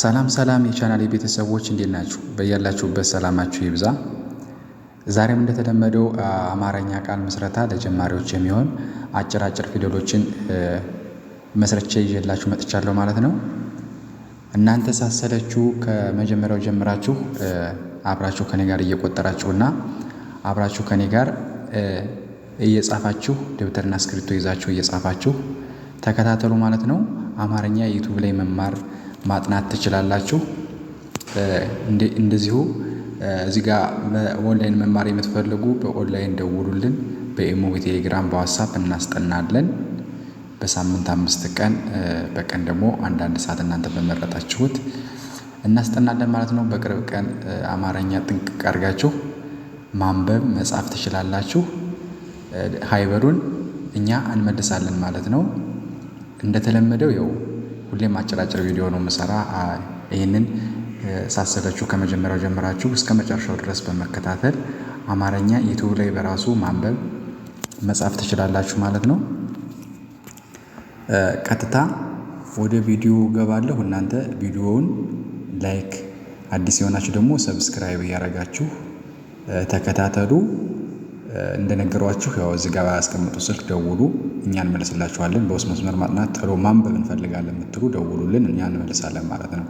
ሰላም ሰላም የቻናል ቤተሰቦች እንዴት ናችሁ? በያላችሁበት ሰላማችሁ ይብዛ። ዛሬም እንደተለመደው አማርኛ ቃል ምስረታ ለጀማሪዎች የሚሆን አጭር አጭር ፊደሎችን መስረቼ ይዤላችሁ መጥቻለሁ ማለት ነው። እናንተ ሳሰለችሁ ከመጀመሪያው ጀምራችሁ አብራችሁ ከኔ ጋር እየቆጠራችሁና አብራችሁ ከኔ ጋር እየጻፋችሁ ደብተርና እስክሪብቶ ይዛችሁ እየጻፋችሁ ተከታተሉ ማለት ነው። አማርኛ ዩቱብ ላይ መማር ማጥናት ትችላላችሁ። እንደዚሁ እዚህ ጋር ኦንላይን መማር የምትፈልጉ በኦንላይን ደውሉልን። በኢሞ፣ በቴሌግራም፣ በዋትሳፕ እናስጠናለን። በሳምንት አምስት ቀን በቀን ደግሞ አንዳንድ ሰዓት እናንተ በመረጣችሁት እናስጠናለን ማለት ነው። በቅርብ ቀን አማርኛ ጥንቅቅ አድርጋችሁ ማንበብ መጻፍ ትችላላችሁ። ሀይበሉን እኛ እንመልሳለን ማለት ነው። እንደተለመደው ያው ሁሌም አጭራጭር ቪዲዮ ነው የምሰራ። ይህንን ሳሰለችሁ ከመጀመሪያው ጀምራችሁ እስከ መጨረሻው ድረስ በመከታተል አማርኛ ዩቱብ ላይ በራሱ ማንበብ መጻፍ ትችላላችሁ ማለት ነው። ቀጥታ ወደ ቪዲዮ ገባለሁ። እናንተ ቪዲዮውን ላይክ፣ አዲስ የሆናችሁ ደግሞ ሰብስክራይብ እያደረጋችሁ ተከታተሉ። እንደነገሯችሁ ያው እዚህ ጋር ያስቀምጡ ስልክ ደውሉ፣ እኛ እንመልስላችኋለን። በውስጥ መስመር ማጥናት ቶሎ ማንበብ እንፈልጋለን የምትሉ ደውሉልን፣ እኛ እንመልሳለን ማለት ነው።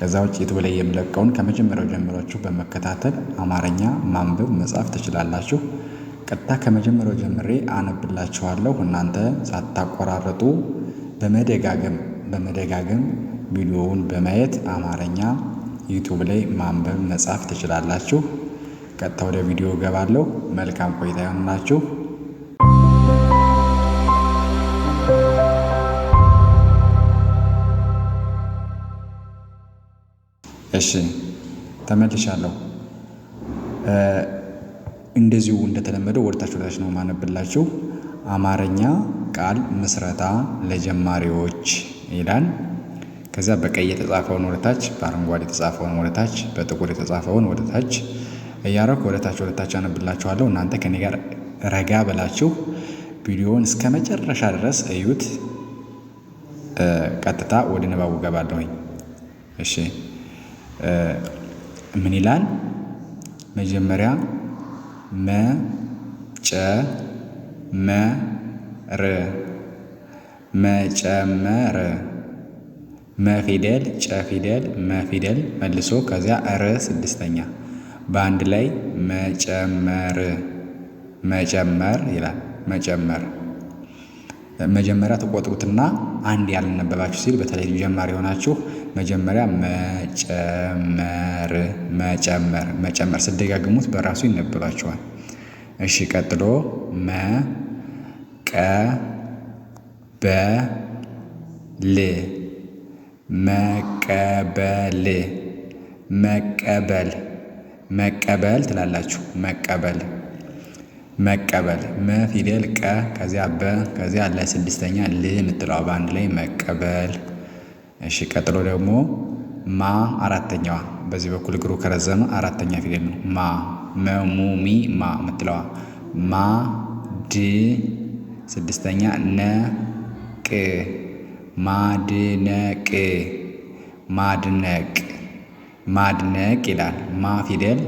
ከዛ ውጭ ዩቱብ ላይ የምለቀውን ከመጀመሪያው ጀምሯችሁ በመከታተል አማርኛ ማንበብ መጻፍ ትችላላችሁ። ቀጥታ ከመጀመሪያው ጀምሬ አነብላችኋለሁ። እናንተ ሳታቆራረጡ በመደጋገም በመደጋገም ቪዲዮውን በማየት አማርኛ ዩቱብ ላይ ማንበብ መጻፍ ትችላላችሁ። ቀጥታ ወደ ቪዲዮ እገባለሁ። መልካም ቆይታ ይሆንላችሁ። እሺ ተመልሻለሁ። እንደዚሁ እንደተለመደው ወደታች ወደታች ነው ማነብላችሁ። አማርኛ ቃል ምስረታ ለጀማሪዎች ይላል። ከዚያ በቀይ የተጻፈውን ወደታች፣ በአረንጓዴ የተጻፈውን ወደታች፣ በጥቁር የተጻፈውን ወደታች እያረኩ ወደታች ወደታች አነብላችኋለሁ። እናንተ ከኔ ጋር ረጋ ብላችሁ ቪዲዮውን እስከ መጨረሻ ድረስ እዩት። ቀጥታ ወደ ንባቡ ገባለሁኝ። እሺ ምን ይላል? መጀመሪያ ር መጨመር መፊደል ጨ ፊደል መፊደል መልሶ ከዚያ ር ስድስተኛ በአንድ ላይ መጨመር መጨመር ይላል። መጨመር መጀመሪያ ተቆጥሩትና አንድ ያልነበባችሁ ሲል በተለይ ጀማሪ የሆናችሁ መጀመሪያ መጨመር መጨመር መጨመር ስደጋግሙት በራሱ ይነበባችኋል። እሺ፣ ቀጥሎ መቀበል መቀበል መቀበል መቀበል ትላላችሁ። መቀበል መቀበል መ ፊደል ቀ ከዚያ በ ከዚያ አለ ስድስተኛ ል የምትለዋ በአንድ ላይ መቀበል። እሺ ቀጥሎ ደግሞ ማ አራተኛዋ በዚህ በኩል እግሩ ከረዘመ አራተኛ ፊደል ነው። ማ መሙሚ ማ የምትለዋ ማ ድ ስድስተኛ ነ ቅ ማድነቅ ማድነቅ ማድነቅ ይላል። ማ ፊደል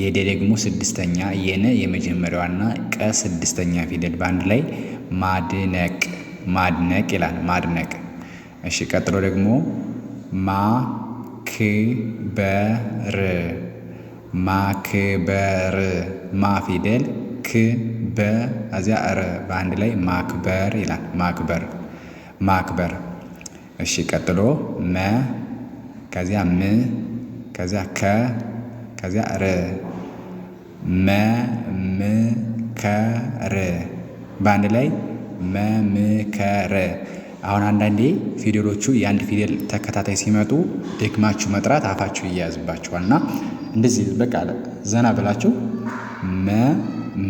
የደ ደግሞ ስድስተኛ የነ የመጀመሪያዋና ቀ ስድስተኛ ፊደል በአንድ ላይ ማድነቅ ማድነቅ ይላል። ማድነቅ። እሺ፣ ቀጥሎ ደግሞ ማክበር ማክበር ማ ፊደል ክ በ እዚያ ር በአንድ ላይ ማክበር ይላል። ማክበር ማክበር። እሺ ቀጥሎ መ ከዚያ ም ከዚያ ከ ከዚያ ር መምከር በአንድ ላይ መምከር። አሁን አንዳንዴ ፊደሎቹ የአንድ ፊደል ተከታታይ ሲመጡ ደግማችሁ መጥራት አፋችሁ ይያያዝባችኋል እና እንደዚህ በቃ ዘና ብላችሁ መ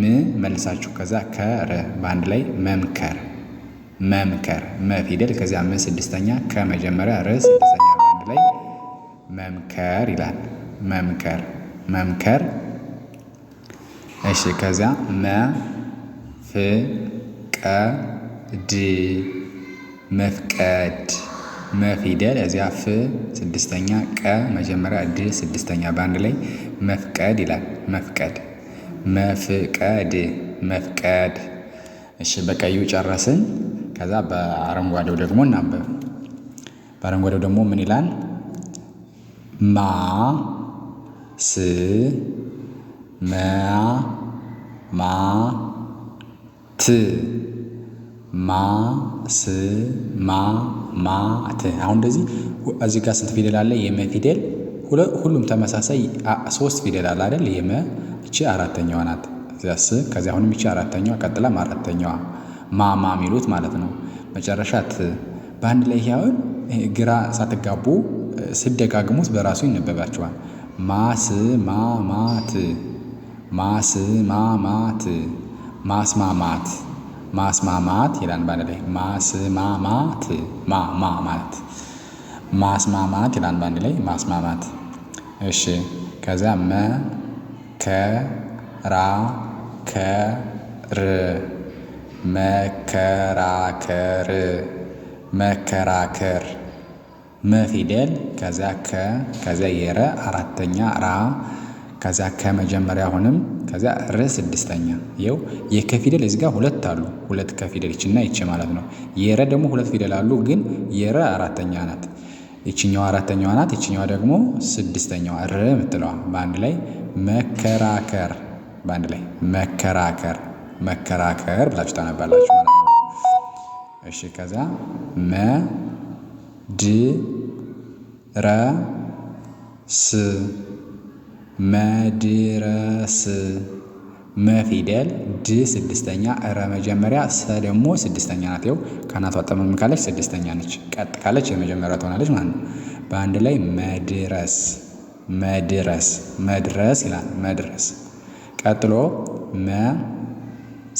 ም መልሳችሁ ከዛ ከረ በአንድ ላይ መምከር መምከር መፊደል ከዚያ ም ስድስተኛ ከመጀመሪያ ረ ስድስተኛ በአንድ ላይ መምከር ይላል። መምከር መምከር። እሺ ከዚያ ድ መፍቀድ መፊደል እዚያ ፍ ስድስተኛ ቀ መጀመሪያ ድ ስድስተኛ በአንድ ላይ መፍቀድ ይላል። መፍቀድ መፍቀድ መፍቀድ። እሺ በቀዩ ጨረስን። ከዛ በአረንጓዴው ደግሞ እናንበብ። በአረንጓዴው ደግሞ ምን ይላል? ማ ስ መ ማ ት ማ ስ ማ ማ ት አሁን እንደዚህ እዚህ ጋር ስንት ፊደል አለ? የመ ፊደል ሁሉም ተመሳሳይ ሶስት ፊደል አለ አይደል? የመ እቺ አራተኛዋ ናት። ስ ከዚያ አሁንም እቺ አራተኛዋ ቀጥላም አራተኛዋ ማማ የሚሉት ማለት ነው። መጨረሻ ት በአንድ ላይ ይሄ ግራ ሳትጋቡ ስደጋግሙት በራሱ ይነበባቸዋል። ማስማማት ማስማማት ማስማማት ማስማማት ይላል። ባንድ ላይ ማስማማት ማማ ማለት ማስማማት ይላል። ባንድ ላይ ማስማማት። እሺ ከዚያ መ ከ ራ ከ ር መከራከር መከራከር መፊደል ከዛ ከ ከዛ የረ አራተኛ ራ ከዛ ከመጀመሪያ አሁንም ከዛ ር ስድስተኛ ይኸው የከፊደል እዚህ ጋር ሁለት አሉ። ሁለት ከፊደል ይችና ይች ማለት ነው። የረ ደግሞ ሁለት ፊደል አሉ፣ ግን የረ አራተኛ ናት። ይችኛዋ አራተኛዋ ናት። ይችኛዋ ደግሞ ስድስተኛዋ ር የምትለዋ በአንድ ላይ መከራከር፣ በአንድ ላይ መከራከር፣ መከራከር ብላችሁ ታነባላችሁ ማለት ነው። እሺ ከዛ መ ድ ድረስ መድረስ መፊደል ድ ስድስተኛ ረ መጀመሪያ ሰ ደግሞ ስድስተኛ ናት። ይኸው ከናቷ ጠመም ካለች ስድስተኛ ነች። ቀጥ ካለች የመጀመሪያ ትሆናለች ማለት ነው። በአንድ ላይ መድረስ መድረስ መድረስ ይላል። መድረስ ቀጥሎ መ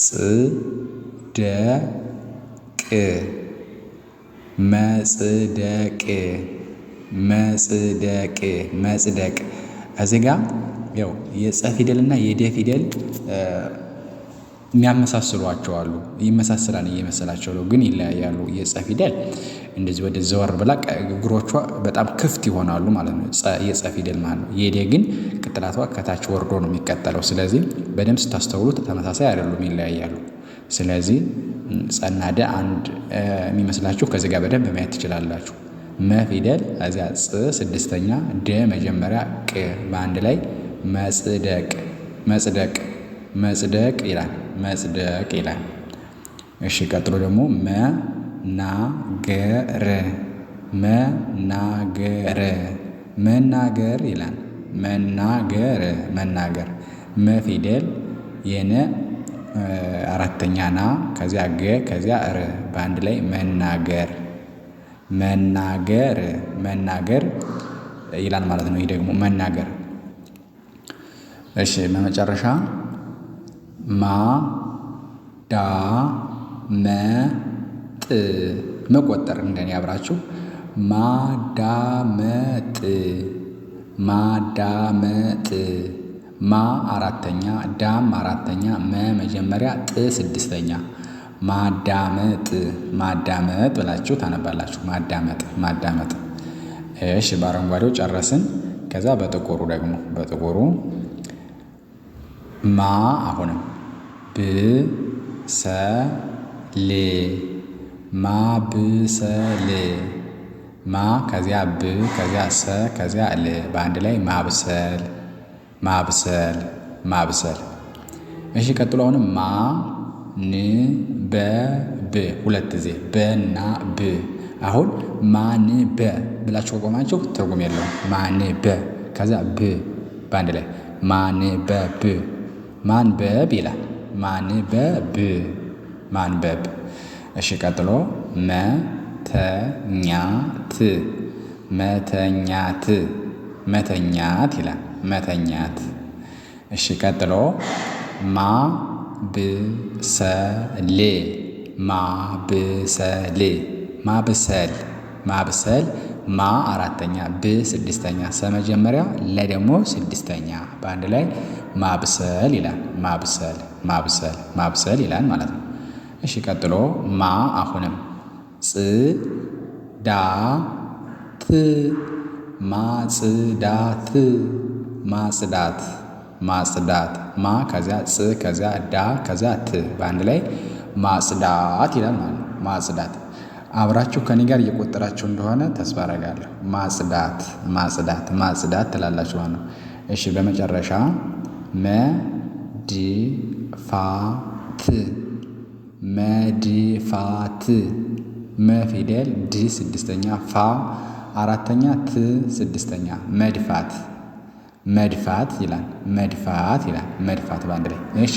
ጽ ደ ቅ መጽደቅ መጽደቅ መጽደቅ እዚህ ጋ ያው የጸ ፊደል እና የደ ፊደል የሚያመሳስሏቸው አሉ። ይመሳሰላል እየመሰላቸው ነው፣ ግን ይለያያሉ። የጸ ፊደል እንደዚህ ወደ ዘወር ብላ እግሮቿ በጣም ክፍት ይሆናሉ ማለት ነው፣ የጸ ፊደል ማለት ነው። የደ ግን ቅጥላቷ ከታች ወርዶ ነው የሚቀጠለው። ስለዚህ በደንብ ስታስተውሉት ተመሳሳይ አይደሉም፣ ይለያያሉ። ስለዚህ ጸናደ አንድ የሚመስላችሁ ከዚህ ጋር በደንብ ማየት ትችላላችሁ። መ ፊደል እዚያ ጽ ስድስተኛ ደ መጀመሪያ ቅ በአንድ ላይ መጽደቅ መጽደቅ መጽደቅ ይላል መጽደቅ ይላል። እሺ ቀጥሎ ደግሞ መናገር መናገር መናገር ይላል መናገር መናገር መ ፊደል የነ አራተኛ ና ከዚያ ገ ከዚያ ር በአንድ ላይ መናገር መናገር መናገር ይላል ማለት ነው። ይህ ደግሞ መናገር። እሺ በመጨረሻ ማ ዳ መ ጥ መቆጠር እንደኔ አብራችሁ ማዳመጥ ማዳመጥ ማ አራተኛ ዳም አራተኛ መ መጀመሪያ ጥ ስድስተኛ ማዳመጥ ማዳመጥ ብላችሁ ታነባላችሁ። ማዳመጥ ማዳመጥ። እሺ በአረንጓዴው ጨረስን። ከዛ በጥቁሩ ደግሞ በጥቁሩ ማ አሁንም ብ ሰ ሌ ማ ብ ሰ ሌ ማ ከዚያ ብ ከዚያ ሰ ከዚያ ል በአንድ ላይ ማብሰል ማብሰል ማብሰል። እሺ ቀጥሎ አሁንም ማ ን በ ብ ሁለት ጊዜ በና ብ። አሁን ማን በ ብላችሁ ከቆማችሁ ትርጉም የለውም። ማን በ ከዛ ብ በአንድ ላይ ማን በብ ማን በብ ይላል። ማን በብ ማን በብ። እሺ ቀጥሎ መተኛት መተኛት መተኛት ይላል። መተኛት። እሺ ቀጥሎ ማ ብሰል ማብሰል ማብሰል ማብሰል ማ አራተኛ ብ ስድስተኛ ሰ መጀመሪያ ለ ደግሞ ስድስተኛ በአንድ ላይ ማብሰል ይላል። ማብሰል ማብሰል ማብሰል ይላል ማለት ነው። እሺ ቀጥሎ ማ አሁንም ጽ ዳ ት ማጽዳት ማጽዳት ማጽዳት ማ ከዚያ ጽ ከዚያ ዳ ከዚያ ት በአንድ ላይ ማጽዳት ይላል ማለት ነው። ማጽዳት አብራችሁ ከኔ ጋር እየቆጠራችሁ እንደሆነ ተስፋ አረጋለሁ። ማጽዳት ማጽዳት ማጽዳት ትላላችሁ ማለት ነው። እሺ በመጨረሻ መድፋት መድፋት መፊደል ድ ስድስተኛ ፋ አራተኛ ት ስድስተኛ መድፋት መድፋት ይላል መድፋት ይላል መድፋት በአንድ ላይ እሺ።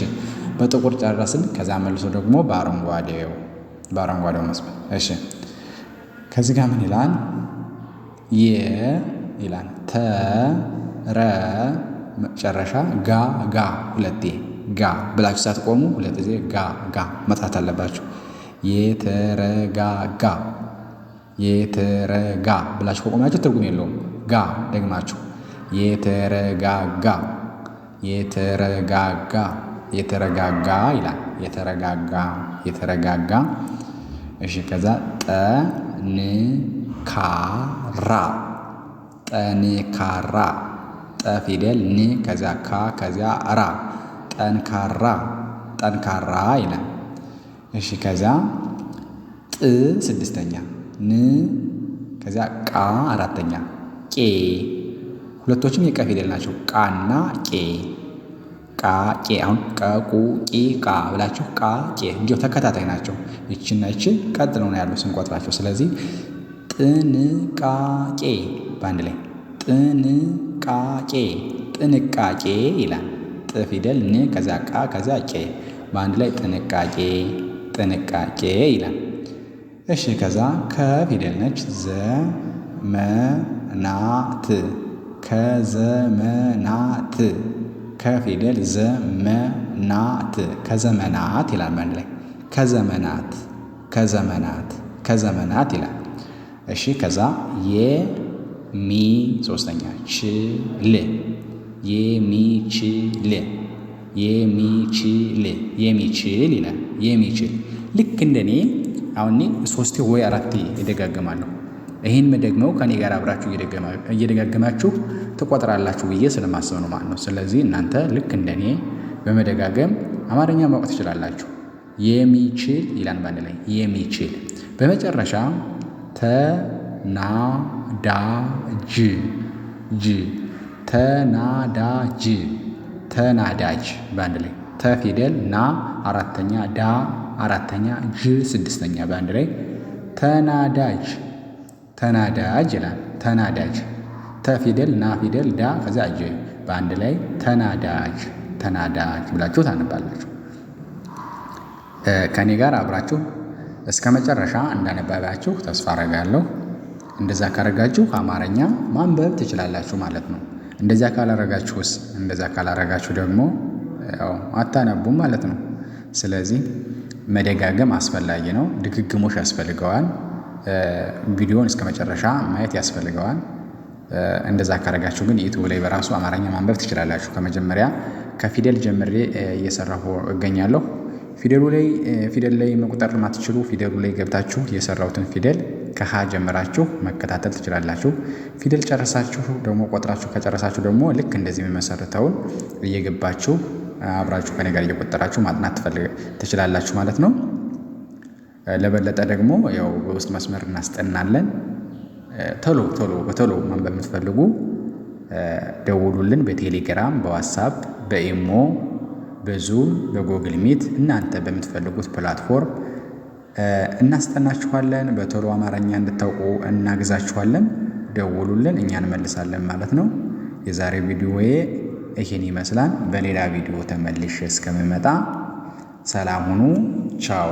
በጥቁር ጨረስን። ከዛ መልሶ ደግሞ በአረንጓዴው በአረንጓዴው መስመር እሺ። ከዚህ ጋር ምን ይላል? የ ይላል ተ ረ መጨረሻ ጋ ጋ ሁለቴ ጋ ብላችሁ ሳትቆሙ ሁለት ጊዜ ጋ ጋ መጥራት አለባችሁ። የተረጋጋ የተረጋ ብላችሁ ከቆማችሁ ትርጉም የለውም። ጋ ደግማችሁ የተረጋጋ የተረጋጋ የተረጋጋ ይላል። የተረጋጋ የተረጋጋ። እሺ ከዛ ጠንካራ ጠንካራ ጠ ፊደል ን ከዚያ ካ ከዚያ ራ ጠንካራ ጠንካራ ይላል። እሺ ከዚያ ጥ ስድስተኛ ን ከዚያ ቃ አራተኛ ቄ ሁለቶችም የቀ ፊደል ናቸው። ቃ ቄ ቃ ቄ አሁን ቀቁ ቄ ቃ ብላችሁ ቃ ቄ እንዲሁ ተከታታይ ናቸው። ይችና ይች ቀጥለው ነው ያሉ ስንቆጥራቸው። ስለዚህ ጥንቃቄ በአንድ ላይ ጥንቃቄ ጥንቃቄ ይላል። ጥ ፊደል ን ከዚያ ቃ ከዚያ ቄ በአንድ ላይ ጥንቃቄ ጥንቃቄ ይላል። እሺ ከዛ ከፊደል ነች ዘመናት ከዘመናት ከፊደል ዘመናት ከዘመናት ይላል በአንድ ላይ ከዘመናት ከዘመናት ከዘመናት ይላል። እሺ ከዛ የሚ ሶስተኛ ችል የሚችል የሚችል የሚችል ይላል። የሚችል ልክ እንደኔ አሁን ሶስቴ ወይ አራቴ ይደጋግማለሁ። ይህን ደግሞ ከኔ ጋር አብራችሁ እየደጋገማችሁ ትቆጥራላችሁ ብዬ ስለማሰብ ነው ማለት ነው። ስለዚህ እናንተ ልክ እንደኔ በመደጋገም አማርኛ ማወቅ ትችላላችሁ። የሚችል ይላል ባንድ ላይ የሚችል። በመጨረሻ ተናዳጅ ጅ ተናዳጅ ተናዳጅ ባንድ ላይ ተፊደል ና አራተኛ ዳ አራተኛ ጅ ስድስተኛ በአንድ ላይ ተናዳጅ ተናዳጅ ይላል። ተናዳጅ ተፊደል ና ፊደል ዳ ከዚያ ጀ በአንድ ላይ ተናዳጅ ተናዳጅ ብላችሁ ታነባላችሁ። ከእኔ ጋር አብራችሁ እስከ መጨረሻ እንዳነባባችሁ ተስፋ አረጋለሁ። እንደዛ ካረጋችሁ አማርኛ ማንበብ ትችላላችሁ ማለት ነው። እንደዛ ካላረጋችሁስ? እንደዛ ካላረጋችሁ ደግሞ ያው አታነቡም ማለት ነው። ስለዚህ መደጋገም አስፈላጊ ነው። ድግግሞሽ ያስፈልገዋል። ቪዲዮን እስከ መጨረሻ ማየት ያስፈልገዋል። እንደዛ ካረጋችሁ ግን ዩቲዩብ ላይ በራሱ አማርኛ ማንበብ ትችላላችሁ። ከመጀመሪያ ከፊደል ጀምሬ እየሰራሁ እገኛለሁ። ፊደሉ ላይ ፊደል ላይ መቁጠር ማትችሉ ፊደሉ ላይ ገብታችሁ የሰራሁትን ፊደል ከሀ ጀምራችሁ መከታተል ትችላላችሁ። ፊደል ጨረሳችሁ ደግሞ ቆጥራችሁ ከጨረሳችሁ ደግሞ ልክ እንደዚህ የሚመሰርተውን እየገባችሁ አብራችሁ ከኔ ጋር እየቆጠራችሁ ማጥናት ትችላላችሁ ማለት ነው። ለበለጠ ደግሞ ያው በውስጥ መስመር እናስጠናለን። ቶሎ ቶሎ በቶሎ ማንበብ የምትፈልጉ ደውሉልን። በቴሌግራም፣ በዋትሳፕ፣ በኢሞ፣ በዙም፣ በጎግል ሚት እናንተ በምትፈልጉት ፕላትፎርም እናስጠናችኋለን። በቶሎ አማርኛ እንድታውቁ እናግዛችኋለን። ደውሉልን፣ እኛ እንመልሳለን ማለት ነው። የዛሬ ቪዲዮ ይህን ይመስላል። በሌላ ቪዲዮ ተመልሼ እስከምመጣ ሰላም ሁኑ። ቻው